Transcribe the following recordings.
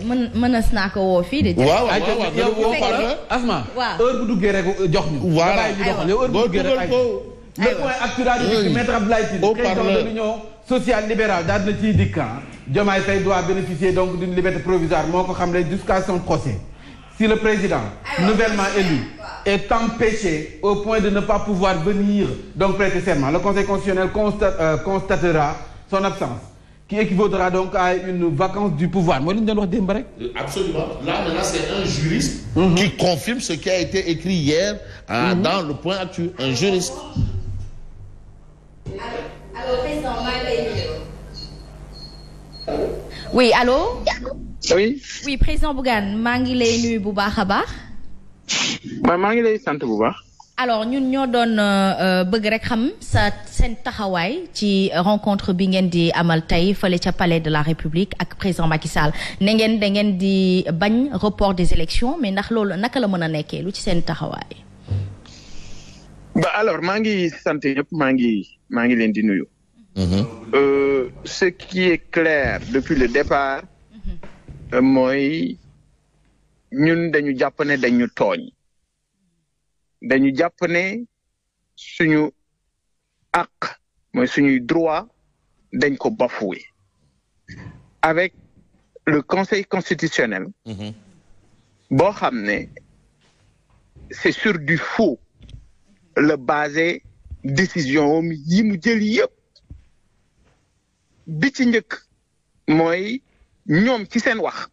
mën mënees naa ko woo fii de. waaw waaw waaw yow woo ko la asma. waaw heure jox ñu. voilà aywa boo dugal ko le point a ci maître Abdoulaye Tine. au parleur question de l'union sociale libérale daal na ciy dikk ah. Diomaye Faye doit bénéficier donc d'une liberté provisoire moo ko xamle jusqu'à son procès. si le président nouvellement élu est empêché au point de ne pas pouvoir venir donc prêter serment le conseil constitutionnel constat, euh, constatera son absence qui équivaudra donc à une vacance du pouvoir mooy li ñu doon wax démb rek. Euh, absolument là maintenant c'est un juriste. Mhm. qui confirme ce qui a été écrit hier. Mhm. dans le point actuel un juriste. allo président maa ngi lay oui président Bougane maa ngi lay nuyu bu baax a baax. maa ngi lay sant bu baax. alors ñun ñoo doon euh, euh, bëgg rek xam sa seen taxawaay ci euh, rencontre bi ngeen di amal tey fële ca palais de la république ak président Macky Sall ne ngeen da di bañ report des élections mais ndax loolu naka la mën a nekkee lu ci seen taxawaay. ba alors maa ngi sant ñëpp maa ngi maa ngi leen di nuyu. Mhm. ce qui est clair depuis le départ. Mhm. mooy ñun dañu jàpp ne dañu tooñ. dañu jàpp ne suñu àq mooy suñuy droit dañ ko bafoué avec le conseil constitutionnel mm-hmm. boo xam ne c'est sur du faux la basé décision am yi mu jël yëpp bi ci njëkk mooy ñoom ci seen wax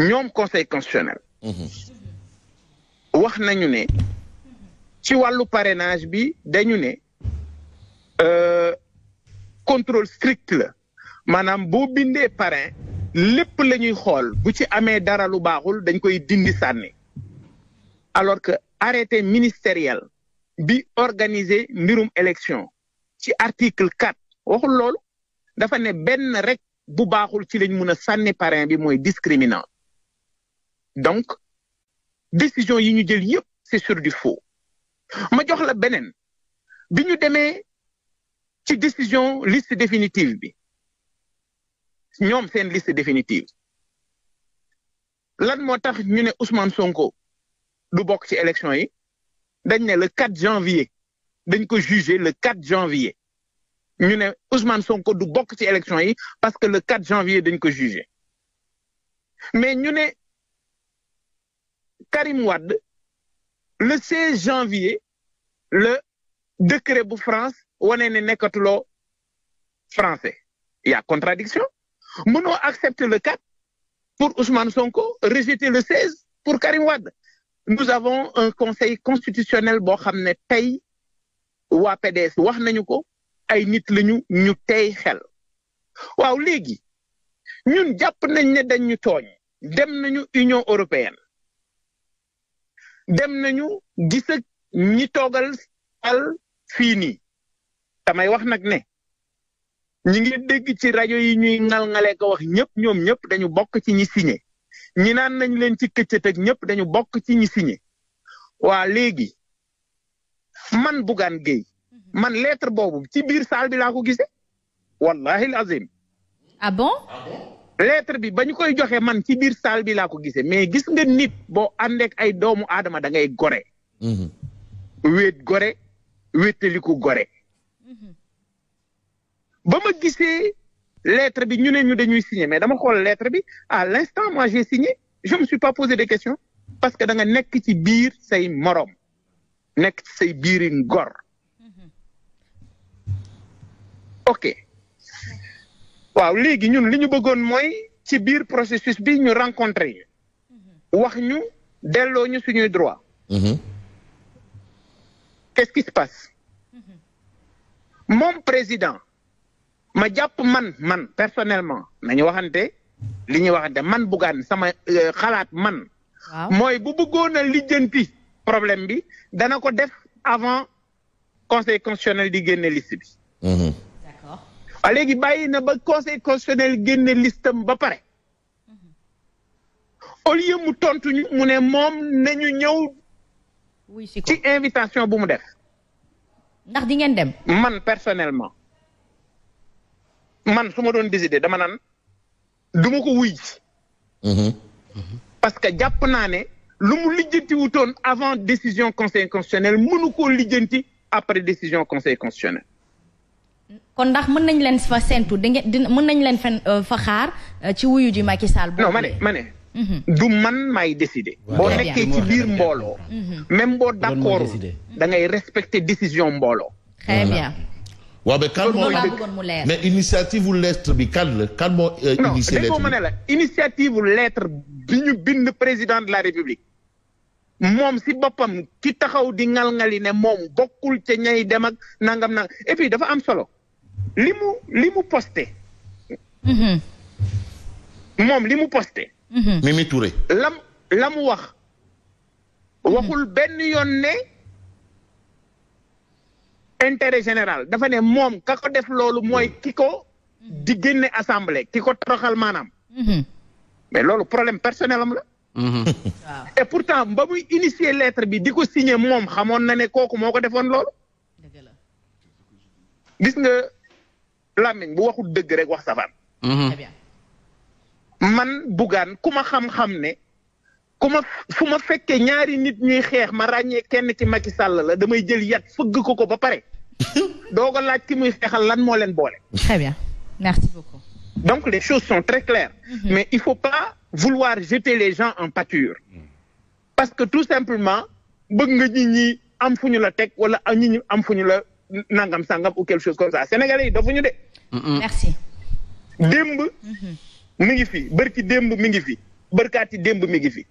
ñoom conseil constitutionnel mm-hmm. wax nañu ne ci wàllu parrainage bi dañu ne euh, contrôle strict la maanaam boo bindee parrain lépp la ñuy xool bu ci amee dara lu baaxul dañ koy dindi sànni alors que arrêté ministériel bi organiser mbirum élection ci article quatre waxul loolu dafa ne benn rek bu baaxul ci lañ mun a sànni parrain bi mooy discriminant donc décision yi ñu jël yëpp c'est sur du faux ma jox la beneen bi ñu demee ci décision liste définitive bi ñoom seen liste définitive lan moo tax ñu ne Ousmane Sonko du bokk ci élection yi dañ ne le 4 janvier dañ ko jugé le 4 janvier ñu ne Ousmane Sonko du bokk ci élection yi parce que le 4 janvier dañ ko jugé mais ñu ne Karim Wade le 16 janvier le décret bu France wane ne nekkatuloo français ya y a contradiction mënoo accepter le 4 pour Ousmane Sonko rejeter le 16 pour Karim wadd nous avons un conseil constitutionnel boo xam ne tey waa PDS wax nañu ko ay nit lañu ñu tey xel waaw léegi ñun jàpp nañ ne dañ ñu tooñ dem nañu Union européenne dem nañu gis ñi toogal al fii nii damay wax nag ne ñi ngi dégg ci rajo yi ñuy ngal-ngalee ko wax ñëpp ñoom ñëpp dañu bokk ci ñi signé ñi naan nañ leen ci këccët ak ñëpp dañu bokk ci ñi signé waa léegi man Bougane Gueye mhm. man lettre boobu ci biir salle bi laa ko gisee wallahi lazim ah, ah lettre bi ba ñu koy joxe man ci biir salle bi laa ko gisee mais gis nga nit boo àndeek ay doomu aadama da ngay gore. Mhm. wéet gore wéetaliku gore. Mhm. ba ma gisee lettre bi ñu ne ñu dañuy signer mais dama xool lettre bi à l'instant moi j'ai signé je suis pas posé de questions parce que da nga nekk ci biir say moroom nekk ci say biiri ngor. Mhm. ok. waaw léegi ñun li ñu bëggoon mooy ci biir processus bi ñu rencontré ñu mhm. wax ñu delloo ñu suñuy droit mhm. est ce qui se passe mhm. moom président ma jàpp man man personnellement nañu waxante li ñuy waxante man Bougane sama euh, xalaat man mooy bu bëggoon a lijjanti problème bi dana ko def avant conseil constitutionnel di génne liste bi waaye léegi bàyyi na ba conseil constitutionnel génne listam ba pare au lieu mu tontu mu ne moom nañu ñëw. wuy si ci invitation bu mu def. ndax di ngeen dem. man personnellement man su ma doon décider dama naan duma ko wuy. Mhm. parce que jàpp naa ne lu mu lijjanti wutoon avant décision conseil constitutionnel mënu koo lijjanti après décision conseil constitutionnel. kon ndax mën nañ leen fa séntu di ngeen di mën nañ leen fen euh, fa xaar euh, ci wuyu ji Macky Sall. non ma ne ma ne. Mhm. du man maay décider. boo nekkee ci biir mbooloo. Mhm. même boo d'accord da ngay respecter décision mbooloo. très bien. waaw mais kan moo mais initiative bu lettre bi kan la kan moo. initié lettre non la initiative bu lettre bi ñu bind président de la république. moom si boppam ki taxaw di ngal ngali ne moom bokkul ca ñay dem ak nangam nangam et puis dafa am solo. li mu li mu posté. Mhm. moom li mu posté. Mhm. Mimi Touré. lam la mu wax. Mhm. waxul benn yoon ne intérêt général dafa ne moom ka ko def loolu mooy ki ko di génne assemblée ki ko toroxal maanaam. mais loolu problème personnel am la. et pourtant ba muy initier lettre bi di ko signer moom xamoon na ne kooku moo ko defoon loolu. gis làmmiñ bu waxul dëgg rek wax safaan mhm. man bugaan ku ma xam-xam ne ku ma fu ma fekkee ñaari nit ñuy xeex ma ràññee kenn ci Macky sàll la damay jël yat fëgg ko ko ba pare doo ko laaj ki muy xeexal lan moo leen boole. très bien donc les choses sont très claires. Mhm. mais il faut pas vouloir jeter les gens en pâture. parce que tout simplement bëgg nga nit ñi am fu ñu la teg wala nit ñi am fu ñu la. nangam sangam ou quelque chose comme ça sénégalais yi dofuñu de. démb. mi ngi fi bërki démb mi ngi fi bërkaati démb mi ngi fi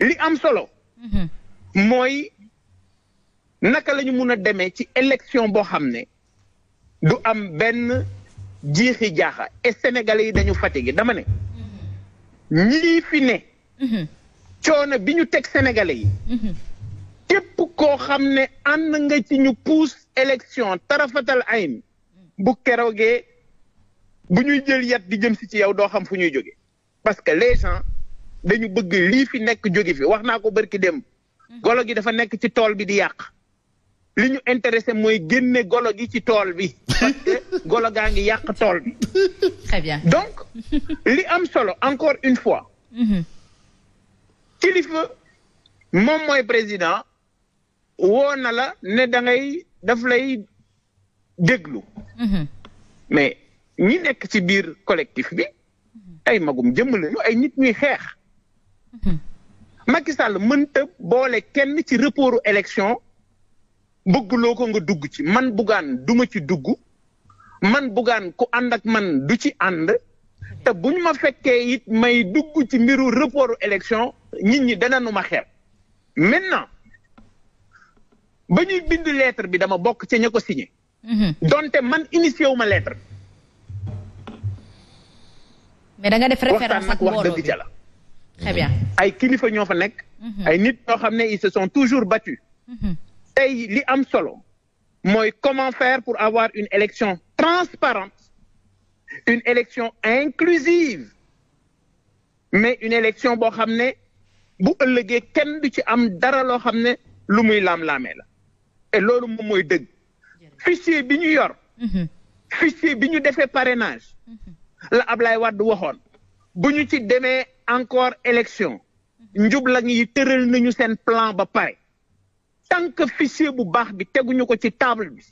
li am solo. Mm-hmm. mooy naka lañu mun a demee ci élection boo xam ne du am benn jiixi jaaxa et sénégalais yi dañu fatigué dama ne. Mm-hmm. ñii fi ne. Mm-hmm. coono bi ñu teg sénégalais yi. képp koo xam ne ànd nga ci ñu puus élection tarafatal ayn bu keroogee bu ñuy jël yat di jëm si ci yow doo xam fu ñuy jóge parce que les gens dañu bëgg lii fi nekk jóge fi wax naa ko bërki dem golo gi dafa nekk ci tool bi di yàq li ñu intéressé mooy génne golo gi ci tool bi parce golo gaa ngi yàq tool bi très donc li am solo encore une fois mm-hmm. kilifa moom mooy président woo na la ne da ngay daf lay déglu. Mhm. mais ñi nekk ci biir collectif bi ay magum jëmm lañu ay nit ñuy xeex. Mhm. Macky Sall mënta boole kenn ci reportu élection bëgguloo ko nga dugg ci man bugaan duma ci dugg man bugaan ku ànd ak man du ci ànd te buñ ma fekkee it may dugg ci mbiru reportu élection nit ñi dana nu ma xeeb maintenant. ba ñuy bind leetre bi dama bokk ca ña ko signé. Mhm. donte man initié wu ma lettre bi. def référence ak wax dëgg ca ay kilifa ñoo fa nekk. Mhm. ay nit ñoo xam ne ils se sont toujours battus. Mhm. tey li am solo mooy comment faire pour avoir une élection transparente une élection inclusive mais une élection boo xam ne bu ëllëgee kenn du ci am dara loo xam ne lu muy laam-laamee la. et loolu moom mooy dëgg fichier bi ñu yor mm-hmm. fichier bi ñu defee parenage mm-hmm. la Ablaye Wade waxoon bu ñu ci demee encore élection mm-hmm. njublang yi tëral nañu seen plan ba pare tant que fichier bu baax bi teguñu ko ci table bi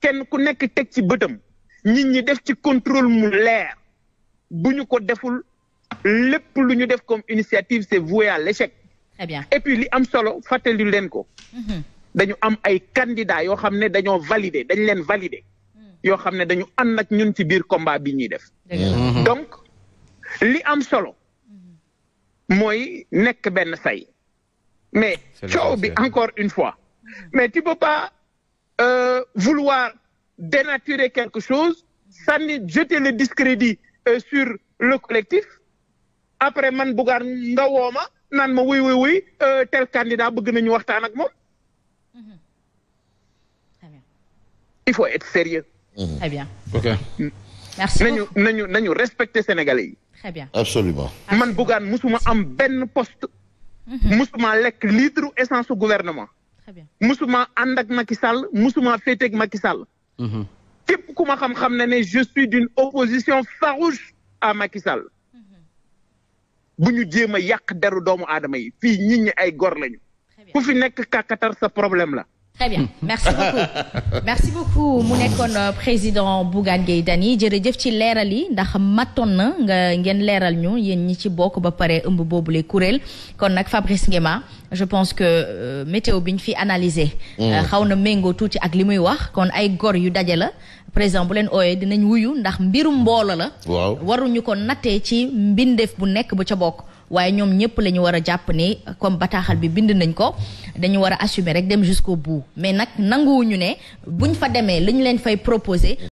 kenn ku nekk teg ci bëtam nit ñi def ci contrôle mu leer bu ñu ko deful lépp lu ñu def comme initiative c'est voué à l'échec. Très bien. et puis li am solo fàttali leen ko. dañu am ay candidats yoo xam ne dañoo valider dañ leen valider hmm. yoo xam ne dañu ànd ak ñun ci biir combat bi ñuy def. Hmm. Hmm. donc li am solo mooy nekk benn say. mais coow bi encore une fois mais tu peux pas euh, vouloir dénaturer quelque chose sànni jeter le discrédit euh, sur le collectif après man Bougane nga woo ma naan ma wuy wuy wuy tel candidat bëgg nañu waxtaan ak moom. Mhm. Très bien. il faut être sérieux. Mhm. Très bien. nañu nañu nañu respecter Sénégalais yi. Très man Bougane musuma am benn post mhm. musuma lekk litre essence au gouvernement. Très bien. musuma ànd ak Macky Sall képp ku ma xam-xam na ne je suis d'une opposition farouche à Macky bu ñu jéem a yàq deru doomu aadama yi fii nit ñi ay gor lañu. ku fi nekk kàkkatar sa problème la. très bien merci beaucoup merci beaucoup mu nekkoon euh, président Bougane Gueye Dany jërëjëf ci leeral yi ndax mattoon na nga ngeen leeral ñu yéen ñi ci bokk ba pare ëmb le kuréel kon nag Fabrice Nguema je pense que euh, météo bi ñu fi analysé. Mm. Euh, xaw na méngoo tuuti ak li muy wax kon ay gor yu daje la président bu leen ooyee dinañ wuyu ndax mbirum mboolo la. waaw waruñu ko nattee ci mbindeef bu nekk bu ca bokk. waaye ñoom ñëpp la ñu war a jàpp ni comme bataaxal bi bind nañ ko dañu war a assumer rek dem jusqu'au bout mais nag nanguwuñu ne buñ fa demee li ñu leen fay proposer